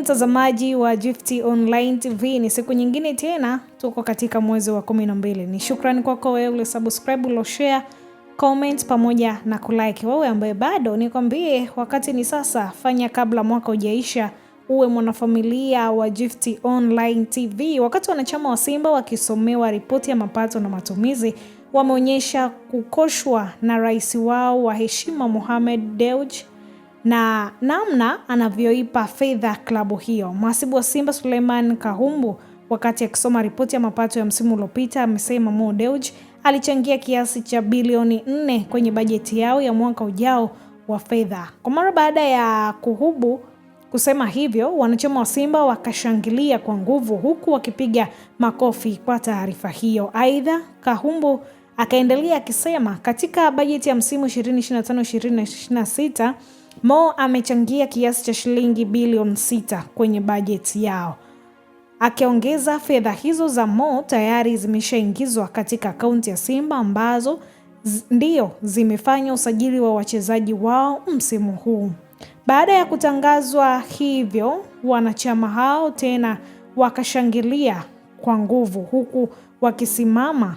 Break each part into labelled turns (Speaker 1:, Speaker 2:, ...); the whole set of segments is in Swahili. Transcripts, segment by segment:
Speaker 1: Mtazamaji wa Gift Online TV, ni siku nyingine tena, tuko katika mwezi wa 12. Ni shukrani kwako wewe ule subscribe, ule share, comment pamoja na kulike. Wewe ambaye bado, nikwambie wakati ni sasa, fanya kabla mwaka ujaisha, uwe mwanafamilia wa Gift Online TV. Wakati wanachama wa Simba wakisomewa ripoti ya mapato na matumizi, wameonyesha kukoshwa na rais wao wa heshima Mohamed Dewji na namna anavyoipa fedha klabu hiyo. Mhasibu wa Simba Suleiman Kahumbu, wakati akisoma ripoti ya mapato ya msimu uliopita, amesema Mo Dewji alichangia kiasi cha bilioni nne kwenye bajeti yao ya mwaka ujao wa fedha. Kwa mara baada ya Kuhubu kusema hivyo, wanachama wa Simba wakashangilia kwa nguvu, huku wakipiga makofi kwa taarifa hiyo. Aidha, Kahumbu akaendelea akisema katika bajeti ya msimu 2025/2026 Mo amechangia kiasi cha shilingi bilioni sita kwenye bajeti yao, akiongeza fedha hizo za Mo tayari zimeshaingizwa katika akaunti ya Simba ambazo ndio zimefanya usajili wa wachezaji wao msimu huu. Baada ya kutangazwa hivyo, wanachama hao tena wakashangilia kwa nguvu huku wakisimama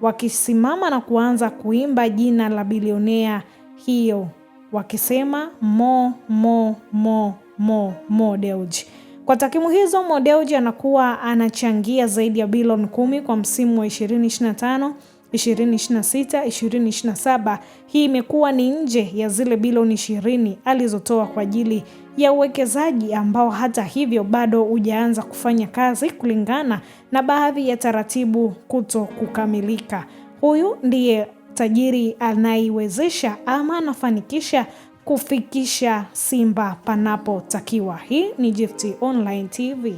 Speaker 1: wakisimama na kuanza kuimba jina la bilionea hiyo wakisema mo mo mo mo mo Deuji. Kwa takwimu hizo, Mo Deuji anakuwa anachangia zaidi ya bilioni kumi kwa msimu wa 2025 2026 2027. Hii imekuwa ni nje ya zile bilioni 20 alizotoa kwa ajili ya uwekezaji ambao hata hivyo bado hujaanza kufanya kazi kulingana na baadhi ya taratibu kuto kukamilika. Huyu ndiye tajiri anaiwezesha ama anafanikisha kufikisha Simba panapotakiwa. Hii ni Gift Online TV.